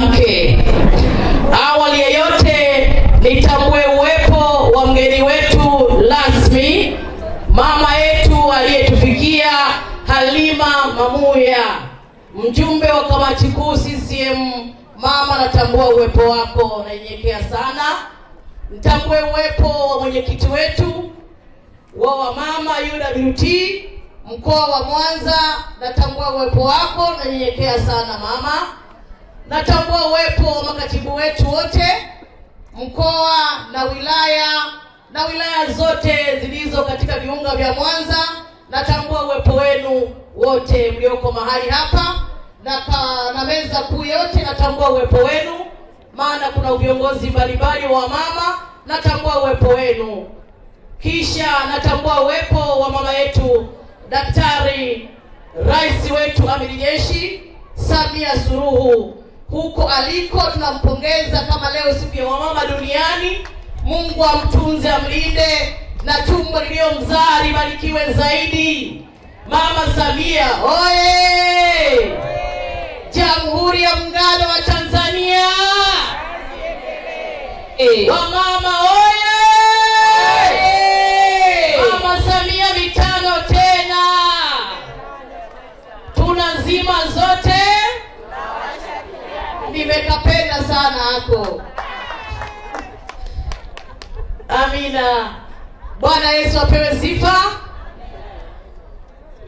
Mke awali yeyote, nitambue uwepo wa mgeni wetu rasmi, mama yetu aliyetufikia Halima Mamuya, mjumbe wa kamati kuu CCM. Mama, natambua uwepo wako, nanyenyekea sana. Nitambue uwepo wa mwenyekiti wetu wa wamama UWT mkoa wa Mwanza, natambua uwepo wako, nanyenyekea sana mama. Natambua uwepo wa makatibu wetu wote mkoa na wilaya na wilaya zote zilizo katika viunga vya Mwanza. Natambua uwepo wenu wote mlioko mahali hapa na, na meza kuu yote, natambua uwepo wenu, maana kuna viongozi mbalimbali wa mama, natambua uwepo wenu. Kisha natambua uwepo wa mama yetu Daktari Rais wetu Amiri Jeshi Samia Suluhu huko aliko, tunampongeza kama leo siku ya wamama duniani. Mungu amtunze amlinde, na tumbo lililomzaa libarikiwe zaidi. Mama Samia oye! Jamhuri ya Muungano wa Tanzania, wamama oye! lazima zote nimekapenda sana hako. Amina. Bwana Yesu apewe sifa.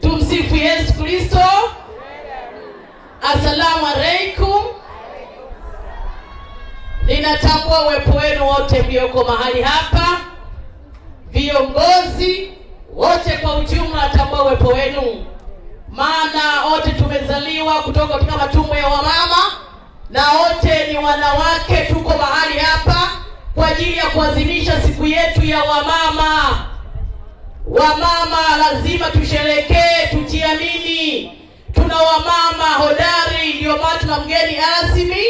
Tumsifu Yesu Kristo. Asalamu alaikum. Ninatambua uwepo wenu wote mlioko mahali hapa, viongozi wote kwa ujumla, natambua uwepo wenu maana wote tumezaliwa kutoka katika matumbo ya wamama na wote ni wanawake. Tuko mahali hapa kwa ajili ya kuadhimisha siku yetu ya wamama. Wamama lazima tusherekee, tujiamini. Tuna wamama hodari, ndio maana tuna mgeni rasmi,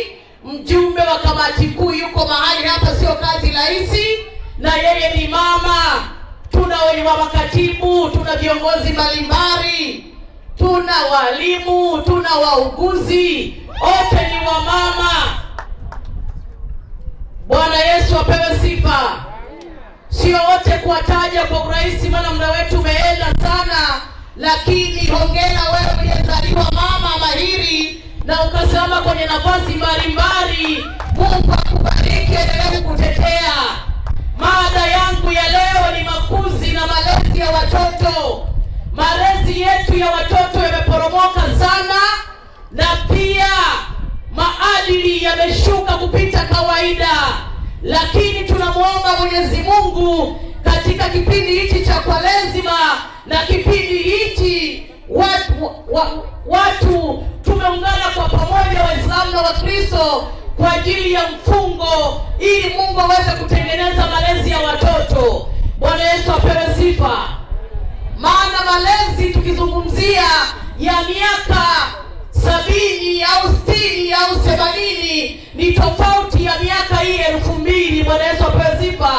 mjumbe wa kamati kuu yuko mahali hapa, sio kazi rahisi, na yeye ni mama. Tuna wenye wa makatibu, tuna viongozi mbalimbali tuna walimu, tuna wauguzi, wote ni wamama. Bwana Yesu apewe sifa. Sio wote kuwataja kwa urahisi, maana muda wetu umeenda sana, lakini hongera wewe uliyezaliwa mama mahiri na ukasimama kwenye nafasi mbalimbali. Mungu akubariki, endelee kukutetea. Mada yangu ya leo ni makuzi na malezi ya watoto. Malezi yetu ya watoto yameporomoka sana, na pia maadili yameshuka kupita kawaida, lakini tunamwomba Mwenyezi Mungu katika kipindi hichi cha Kwaresima na kipindi hichi watu, wa, watu tumeungana kwa pamoja, Waislamu na Wakristo kwa ajili ya mfungo ili Mungu aweze kutengeneza malezi ya watoto. Bwana Yesu apewe sifa. Maana malezi tukizungumzia ya miaka sabini au sitini au themanini ni tofauti ya miaka hii elfu mbili. Bwana Yesu apewe sifa.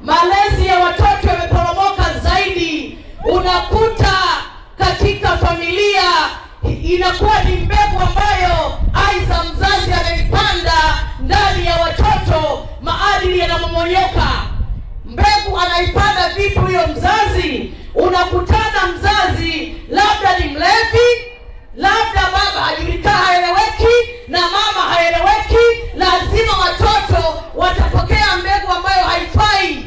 Malezi ya watoto yameporomoka zaidi, unakuta katika familia inakuwa ni mbegu ambayo aidha mzazi amepanda ndani ya watoto, maadili yanamomonyoka mbegu anaipanda vitu hiyo mzazi. Unakutana mzazi labda ni mlevi, labda baba hajulikana, haeleweki na mama haeleweki, lazima watoto watapokea mbegu ambayo haifai.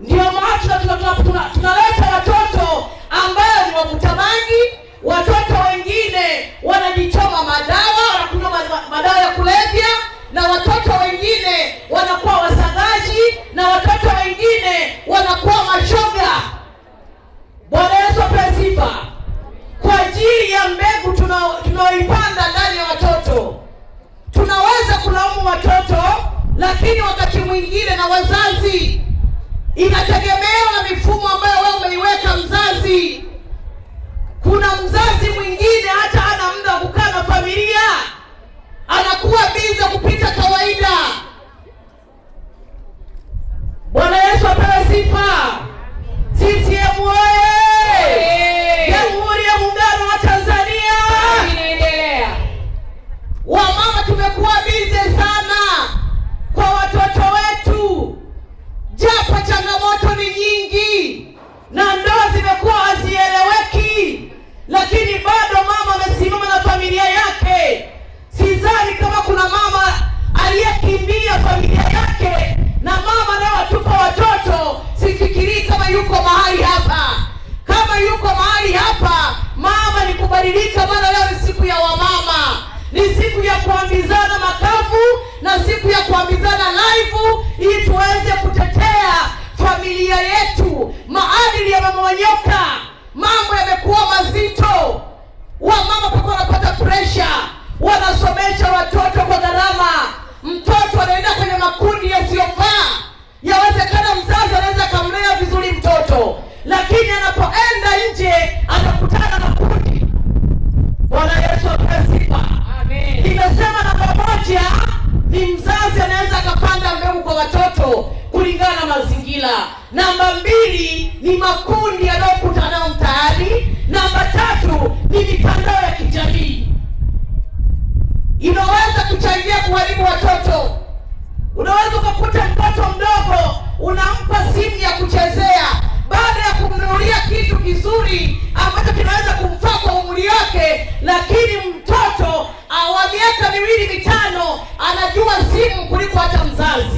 Ndio maana tunaleta watoto ambayo ni wavuta bangi, watoto wengine wanajichoma madawa, wanakunywa madawa ya kulevya na watoto wengine wanakuwa na watoto wengine wanakuwa mashoga. Bwana Yesu apewe sifa. Kwa ajili ya mbegu tunaoipanda ndani ya watoto, tunaweza kulaumu watoto, lakini wakati mwingine na wazazi, inategemea na mifumo ambayo wewe umeiweka mzazi. Kuna mzazi mwingine hata hana muda wa kukaa na familia, anakuwa biza kupita kawaida. Bwana Yesu apewe sifa. CCM oye! kubadilika, maana leo ni siku ya wamama, ni siku ya kuambizana makafu na siku ya kuambizana laifu, ili tuweze kutetea familia yetu. Maadili yamemonyoka, mambo yamekuwa mazito, wamama paka wanapata presha, wanasomesha watoto kwa gharama, mtoto anaenda kwenye makundi yasiyofaa. Yawezekana mzazi anaweza akamlea vizuri mtoto, lakini anapoenda nje atakutana na kundi ni makundi yanayokuta nao mtaani. Namba tatu ni mitandao ya kijamii inaweza kuchangia kuharibu watoto. Unaweza ukakuta mtoto mdogo unampa simu ya kuchezea baada ya kumnunulia kitu kizuri ambacho kinaweza kumfaa kwa umri wake, lakini mtoto wa miaka miwili mitano anajua simu kuliko hata mzazi.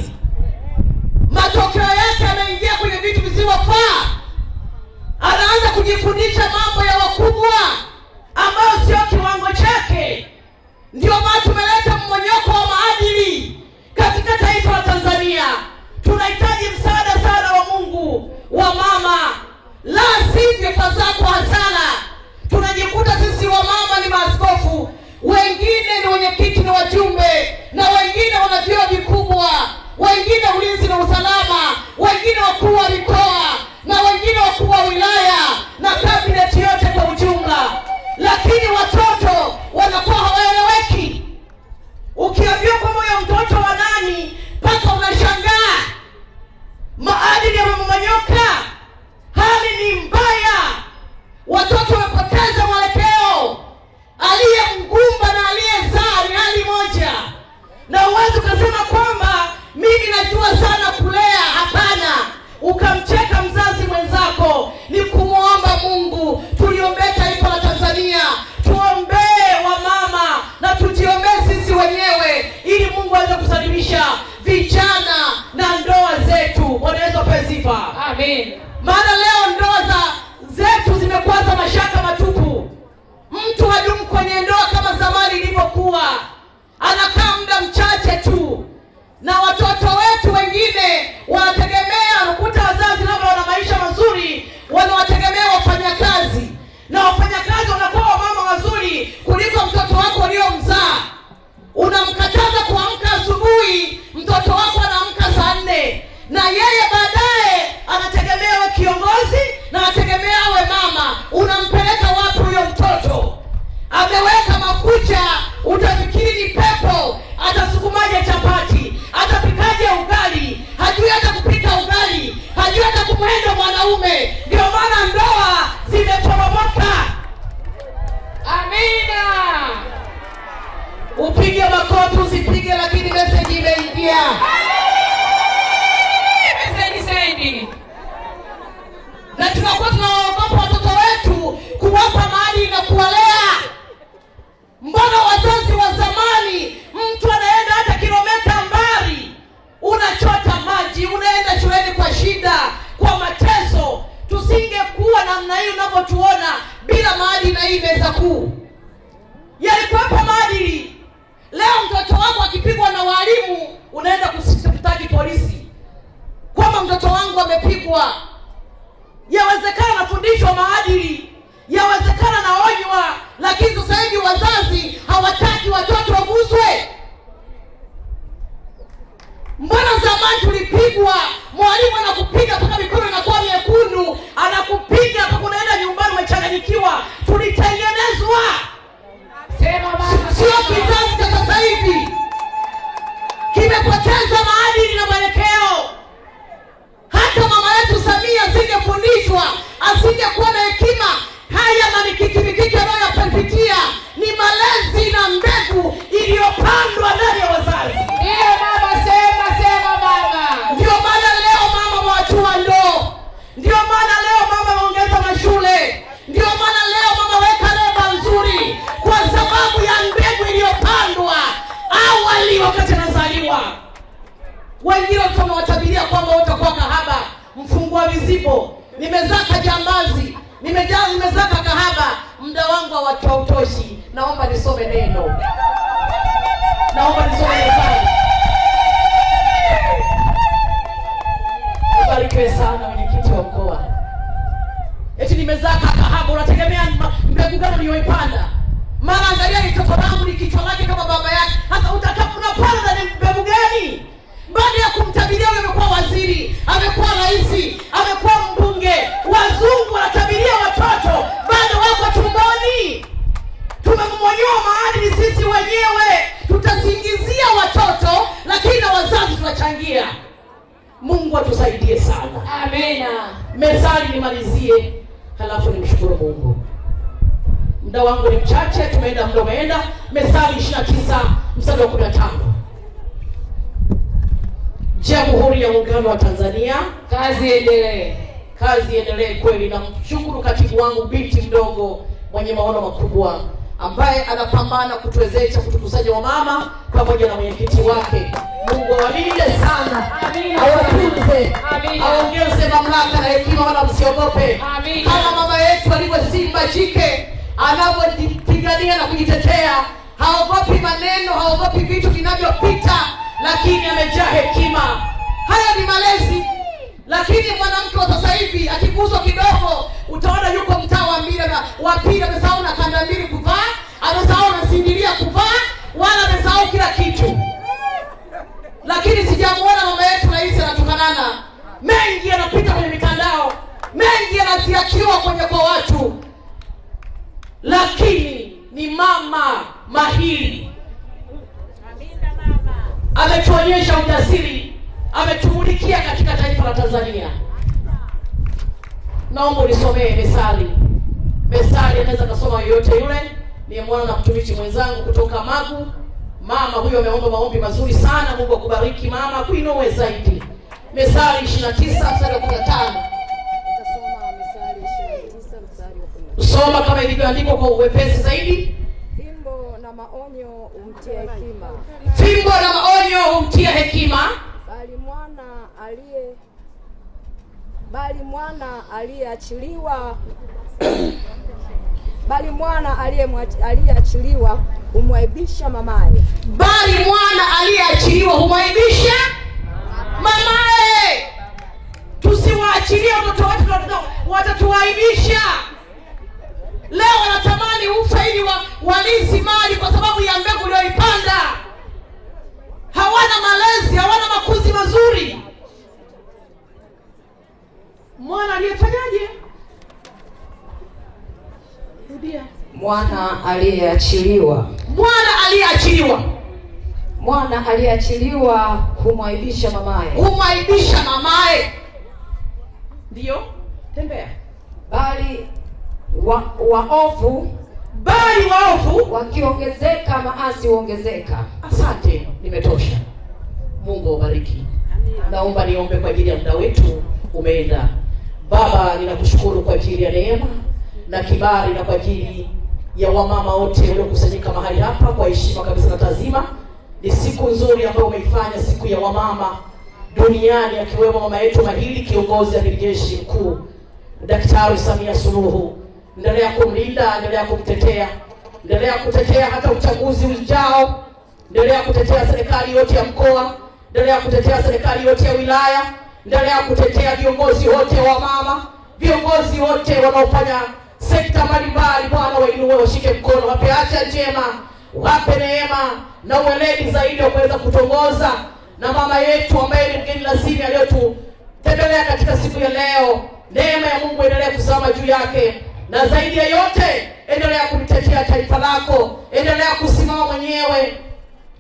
maaskofu, wengine ni wenyekiti na wajumbe, na wengine wana vyeo vikubwa, wengine ulinzi na usalama, wengine wakuu wa mikoa na wengine wakuu wa wilaya na kabineti yote kwa ujumla, lakini watoto wanakuwa hawaeleweki. Ukiambiwa kwamba huyo mtoto wa nani, mpaka unashangaa. Maadili manyoka hali ni mbaya, watoto wamepoteza mwelekeo. unamkataza kuamka asubuhi, mtoto wako anaamka saa nne na yeye baadaye anategemea awe kiongozi na anategemea awe mama. Unampeleka wapi huyo mtoto? hii unavyotuona bila maadili na hii meza kuu. Yalikuwepo maadili. Leo mtoto wangu akipigwa na walimu unaenda kusitaki polisi kwamba mtoto wangu amepigwa. Yawezekana nafundishwa maadili, yawezekana naonywa Wengine watu tunawatabiria kwamba utakuwa kahaba, mfungua vizipo, nimezaka jambazi, nimejaa, nimezaka kahaba, muda wangu hautoshi. Naomba nisome neno, naomba nisome neno. Barikiwe sana mwenyekiti wa mkoa. Eti nimezaka kahaba, unategemea mbegu gani niyoipanda? Mara angalia ni toto langu kichwa lake kama baba yake. Sasa utakapuna panda ni mbegu gani? baada ya kumtabiria huyo, amekuwa waziri, amekuwa rais, amekuwa mbunge. Wazungu wanatabiria watoto bado wako tumboni. Tumemmonyoa maadili sisi wenyewe, tutasingizia watoto, lakini na wazazi tunachangia. Mungu atusaidie sana, amena. Mesali nimalizie, halafu nimshukuru Mungu. Muda wangu ni mchache, tumeenda muda mesali Methali 29 mstari wa 15. Jamhuri ya Muungano wa Tanzania. Kazi endelee kazi endelee kweli. Namshukuru katibu wangu, binti mdogo mwenye maono makubwa, ambaye anapambana kutuwezesha kutukusanya mama pamoja na mwenyekiti wake. Mungu awalinde sana, awatunze, aongeze mamlaka na hekima, wala msiogope, kama mama yetu alivyo simba jike anavyojipigania na kujitetea. Haogopi maneno, haogopi vitu vinavyopita lakini amejaa hekima. Haya ni malezi. Lakini mwanamke wa sasa hivi akiguswa kidogo, utaona yuko mtaa wa mbili wa pili, amesahau na kanda mbili kuvaa, amesahau na sindilia kuvaa, wala amesahau kila kitu. Lakini sijamuona mama yetu rais anatukanana, mengi yanapita kwenye mitandao, mengi yanatiakiwa kwenye kwa watu, lakini ni mama mahiri ametuonyesha ujasiri, ametumulikia katika taifa la Tanzania. Naomba ulisomee Mesali. Mesali anaweza kasoma yoyote yule, ni mwana na mtumishi mwenzangu kutoka Magu. Mama huyo ameomba maombi mazuri sana, Mungu akubariki mama, kuinowe zaidi. Mesali 29 mstari wa 15. Soma kama ilivyoandikwa kwa uwepesi zaidi maonyo humtia hekima, fimbo la maonyo humtia hekima, bali mwana aliye bali mwana aliyeachiliwa bali mwana aliyeachiliwa humwaibisha mamaye, bali mwana aliyeachiliwa humwaibisha mamaye. Tusiwaachilie watoto wetu, watatuaibisha. Leo wanatamani ufe ili wa, walisi mali kwa sababu ya mbegu uliyoipanda. Hawana malezi, hawana makuzi mazuri. Mwana aliyefanyaje? Rudia. Mwana aliyeachiliwa, mwana aliyeachiliwa, mwana aliyeachiliwa humwaibisha mamaye, humwaibisha mamaye. Ndio? tembea bali wa, waovu bali waovu wakiongezeka maasi huongezeka. Asante, nimetosha. Mungu awabariki. Naomba niombe kwa ajili ya muda wetu umeenda. Baba, ninakushukuru kwa ajili ya neema na kibali na kwa ajili ya wamama wote waliokusanyika mahali hapa kwa heshima kabisa na tazima. Ni siku nzuri ambayo umeifanya, siku ya wamama duniani, akiwemo mama yetu mahili kiongozi wa jeshi mkuu Daktari Samia Suluhu endelea kumlinda, endelea kumtetea, endelea kutetea hata uchaguzi ujao, endelea kutetea serikali yote ya mkoa, endelea kutetea serikali yote ya wilaya, endelea kutetea viongozi wote wa mama, viongozi wote wanaofanya sekta mbalimbali. Bwana wainue, washike mkono, wape acha njema, wape neema na uweledi zaidi wa kuweza kutongoza na mama yetu ambaye ni mgeni rasmi aliyotutembelea katika siku ya leo. Neema ya Mungu endelee kusimama juu yake na zaidi ya yote, endelea kulitetea taifa lako, endelea kusimama mwenyewe.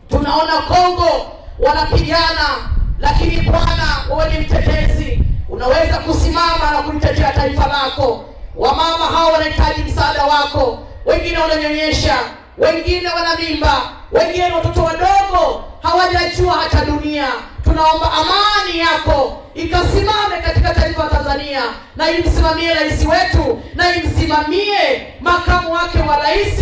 Tunaona Kongo wanapigana, lakini Bwana, wewe ni mtetezi, unaweza kusimama na kulitetea taifa lako. Wamama hao wanahitaji msaada wako, wengine wananyonyesha, wengine wana mimba, wengine watoto wadogo hawajajua hata dunia. Tunaomba amani yako ikasimame katika taifa la Tanzania, na imsimamie rais wetu, na imsimamie makamu wake wa rais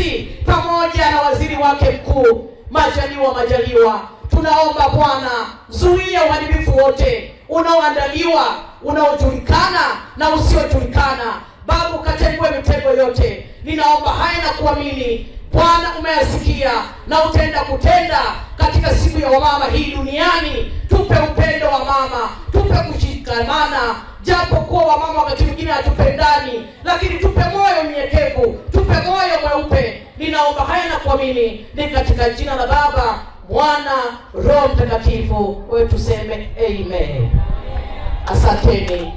pamoja na waziri wake mkuu. Majaliwa Majaliwa, tunaomba Bwana, zuia uharibifu wote unaoandaliwa, unaojulikana na usiojulikana. Babu, katengwe mitego yote. Ninaomba haya na kuamini Bwana umeyasikia na utaenda kutenda katika siku ya wamama hii duniani. Tupe upendo wa mama, tupe kushikamana, japo kuwa wamama wakati mwingine hatupendani, lakini tupe moyo mnyekevu, tupe moyo mweupe. Ninaomba haya na kuamini ni katika jina la Baba, Mwana, Roho Mtakatifu. Wewe tuseme amen. Asanteni.